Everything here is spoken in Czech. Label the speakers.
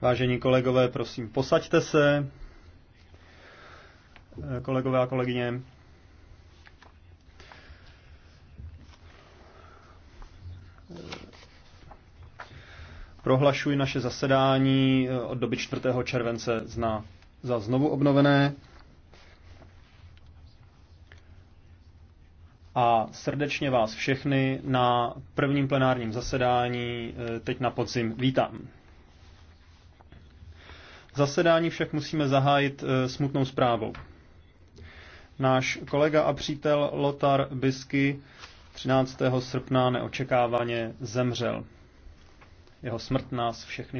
Speaker 1: Vážení kolegové, prosím, posaďte se. Eh, kolegové a kolegyně. Prohlašuji naše zasedání eh, od doby 4. července zna za znovu obnovené. a srdečně vás všechny na prvním plenárním zasedání eh, teď na podzim vítám. Zasedání však musíme zahájit eh, smutnou zprávou. Náš kolega a přítel Lotar Bisky 13. srpna neočekávaně zemřel.
Speaker 2: Jeho smrt nás všechny